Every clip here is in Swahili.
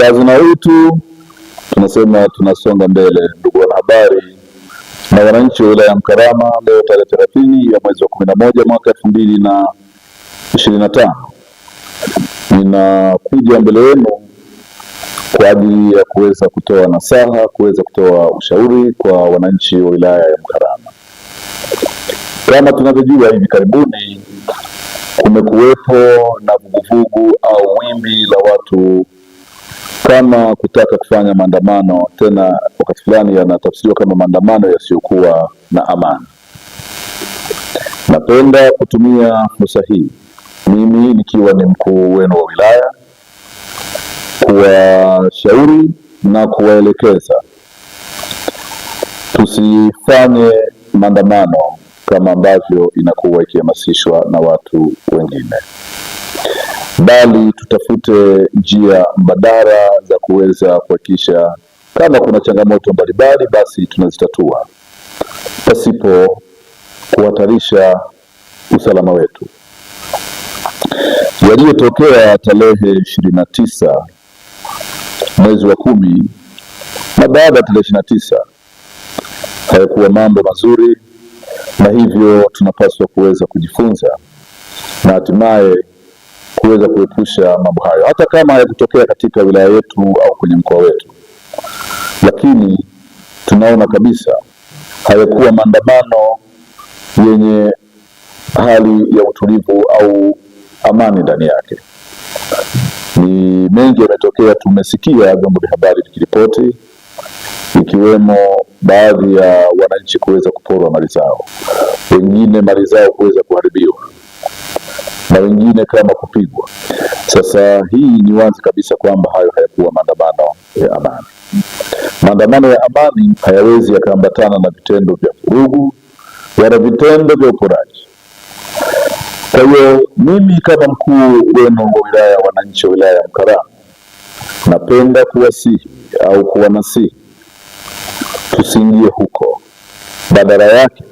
kazi na utu tunasema tunasonga mbele. Ndugu wanahabari na wananchi wa wilaya ya Mkarama, leo tarehe thelathini ya mwezi wa kumi na moja mwaka elfu mbili na ishirini na tano ninakuja mbele yenu kwa ajili ya kuweza kutoa nasaha, kuweza kutoa ushauri kwa wananchi wa wilaya ya Mkarama. Kama tunavyojua, hivi karibuni kumekuwepo na vuguvugu au wimbi la watu kama kutaka kufanya maandamano tena, wakati fulani yanatafsiriwa kama maandamano yasiyokuwa na amani. Napenda kutumia fursa hii mimi nikiwa ni mkuu wenu wa wilaya kuwashauri na kuwaelekeza tusifanye maandamano kama ambavyo inakuwa ikihamasishwa na watu wengine bali tutafute njia mbadala za kuweza kuhakikisha kama kuna changamoto mbalimbali, basi tunazitatua pasipo kuhatarisha usalama wetu. Yaliyotokea tarehe ishirini na tisa mwezi wa kumi na baada ya tarehe ishirini na tisa hayakuwa mambo mazuri, na hivyo tunapaswa kuweza kujifunza na hatimaye kuweza kuepusha mambo hayo, hata kama hayakutokea katika wilaya yetu au kwenye mkoa wetu. Lakini tunaona kabisa hayakuwa maandamano yenye hali ya utulivu au amani ndani yake. Ni mengi yametokea, tumesikia vyombo vya habari vikiripoti, ikiwemo baadhi ya wananchi kuweza kuporwa mali zao, wengine mali zao kuweza kuharibiwa na wengine kama kupigwa. Sasa hii ni wazi kabisa kwamba hayo hayakuwa maandamano ya amani. Maandamano ya amani hayawezi yakaambatana na vitendo vya vurugu wala vitendo vya uporaji. Kwa hiyo mimi kama mkuu wenu wa wilaya, wananchi wa wilaya ya Mkarama, napenda kuwasihi au kuwanasihi tusiingie huko, badala yake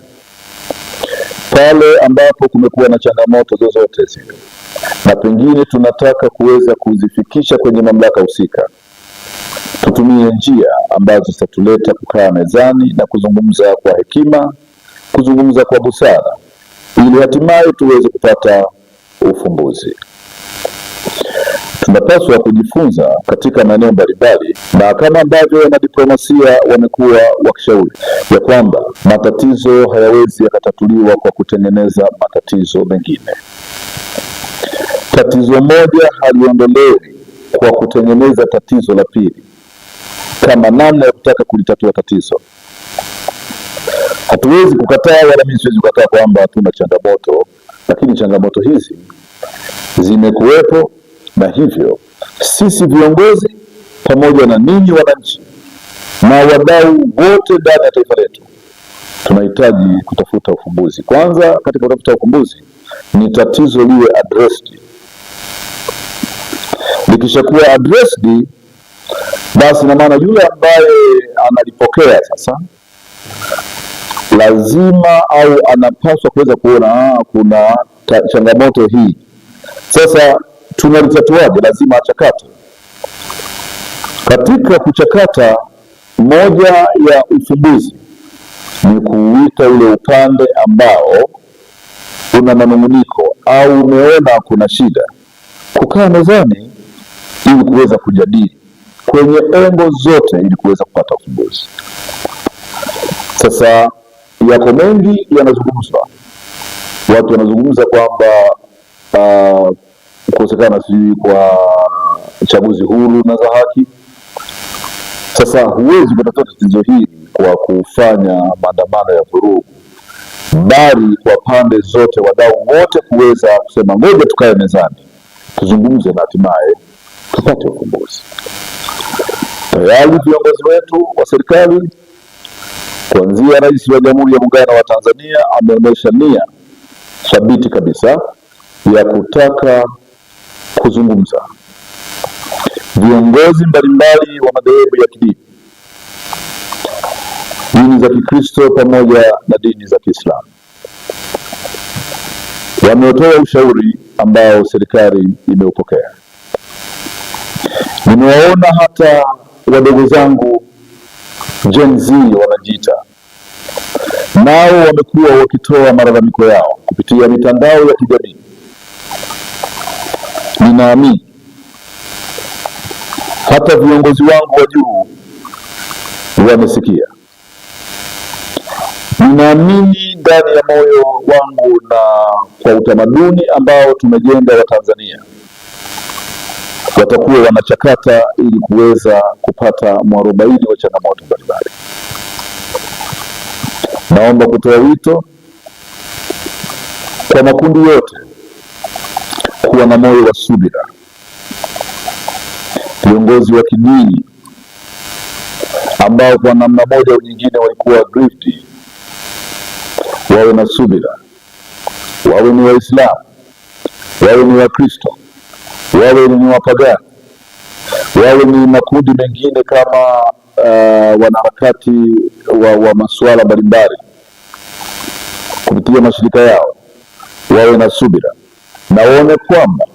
pale ambapo kumekuwa na changamoto zozote zile, na pengine tunataka kuweza kuzifikisha kwenye mamlaka husika, tutumie njia ambazo zitatuleta kukaa mezani na kuzungumza kwa hekima, kuzungumza kwa busara, ili hatimaye tuweze kupata ufumbuzi tunapaswa kujifunza katika maeneo mbalimbali, na kama ambavyo wanadiplomasia wamekuwa wakishauri ya kwamba matatizo hayawezi yakatatuliwa kwa kutengeneza matatizo mengine. Tatizo moja haliondolewi kwa kutengeneza tatizo la pili kama namna ya kutaka kulitatua tatizo. Hatuwezi kukataa wala mimi siwezi kukataa kwamba hatuna changamoto, lakini changamoto hizi zimekuwepo na hivyo sisi viongozi pamoja na ninyi wananchi na wadau wote ndani ya taifa letu tunahitaji kutafuta ufumbuzi. Kwanza, katika kutafuta ufumbuzi ni tatizo liwe addressed. Likishakuwa addressed, basi na maana yule ambaye analipokea sasa lazima au anapaswa kuweza kuona ah, kuna changamoto hii sasa tunalitatuaje? Lazima achakate. Katika kuchakata, moja ya ufumbuzi ni kuuita ule upande ambao una manunguniko au umeona kuna shida, kukaa mezani ili kuweza kujadili kwenye engo zote ili kuweza kupata ufumbuzi. Sasa yako mengi yanazungumzwa, watu wanazungumza kwamba uh, kukosekana sijui kwa chaguzi huru na za haki. Sasa huwezi kutatua tatizo hili kwa kufanya maandamano ya vurugu, bali kwa pande zote, wadau wote kuweza kusema ngoja tukae mezani tuzungumze na hatimaye tupate ufumbuzi. Tayari viongozi wetu wa serikali kuanzia Rais wa Jamhuri ya Muungano wa Tanzania ameonyesha nia thabiti kabisa ya kutaka kuzungumza. Viongozi mbalimbali wa madhehebu ya kidini, dini za Kikristo pamoja na dini za Kiislamu wametoa ushauri ambao serikali imeupokea. Nimewaona hata wadogo zangu Gen Z wanajiita nao wamekuwa wakitoa malalamiko yao kupitia mitandao ya kijamii ninaamini hata viongozi wangu wa juu wamesikia. Ninaamini ndani ya moyo wangu na kwa utamaduni ambao tumejenga wa Tanzania watakuwa wanachakata ili kuweza kupata mwarobaini wa changamoto mbalimbali. Naomba kutoa wito kwa makundi yote kuwa na moyo wa subira. Viongozi wa kidini ambao kwa namna moja au nyingine walikuwa grifti, wawe na subira, wawe ni Waislamu, wawe ni Wakristo, wawe ni wapagani, wawe ni makundi mengine kama uh, wanaharakati wa, wa masuala mbalimbali kupitia mashirika yao, wawe na subira naone kwamba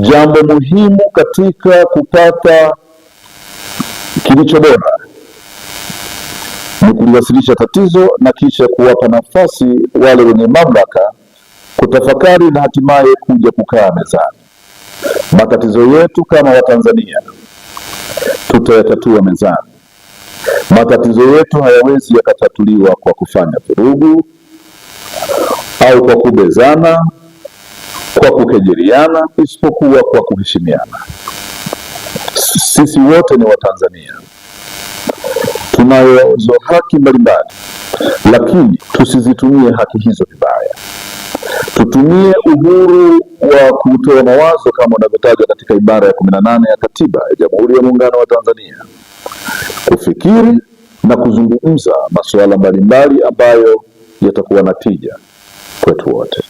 jambo muhimu katika kupata kilicho bora ni kuliwasilisha tatizo na kisha kuwapa nafasi wale wenye mamlaka kutafakari na hatimaye kuja kukaa mezani. Matatizo yetu kama Watanzania tutayatatua mezani. Matatizo yetu hayawezi yakatatuliwa kwa kufanya vurugu au kwa kubezana kwa kukejeliana, isipokuwa kwa kuheshimiana. Sisi wote ni Watanzania, tunazo haki mbalimbali, lakini tusizitumie haki hizo vibaya. Tutumie uhuru wa kutoa mawazo kama unavyotajwa katika ibara ya kumi na nane ya Katiba ya Jamhuri ya Muungano wa Tanzania, kufikiri na kuzungumza masuala mbalimbali ambayo yatakuwa na tija kwetu wote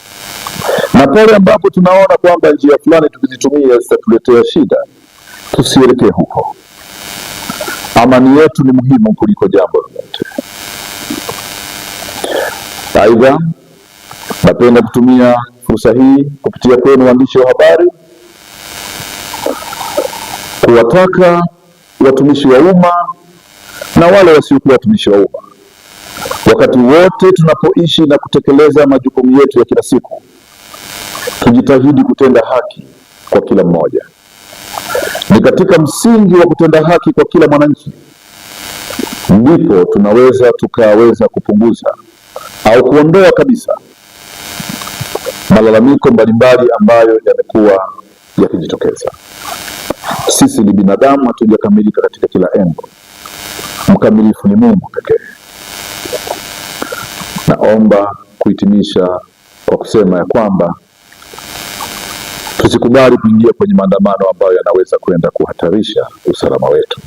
na pale ambapo tunaona kwamba njia fulani tukizitumia zitatuletea shida, tusielekee huko. Amani yetu ni muhimu kuliko jambo lolote. Aidha, napenda kutumia fursa hii kupitia kwenu waandishi wa habari kuwataka watumishi wa umma na wale wasiokuwa watumishi wa umma, wakati wote tunapoishi na kutekeleza majukumu yetu ya kila siku tujitahidi kutenda haki kwa kila mmoja. Ni katika msingi wa kutenda haki kwa kila mwananchi ndipo tunaweza tukaweza kupunguza au kuondoa kabisa malalamiko mbalimbali ambayo yamekuwa yakijitokeza. Sisi ni binadamu, hatujakamilika katika kila eneo. Mkamilifu ni Mungu pekee. Naomba kuhitimisha kwa kusema ya kwamba Tusikubali kuingia kwenye maandamano ambayo yanaweza kwenda kuhatarisha usalama wetu,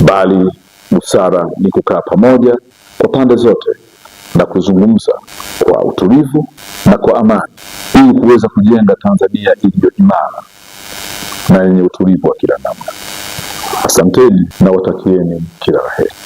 bali busara ni kukaa pamoja kwa pande zote na kuzungumza kwa utulivu na kwa amani ili kuweza kujenga Tanzania iliyo imara na yenye utulivu wa kila namna. Asanteni na watakieni kila la heri.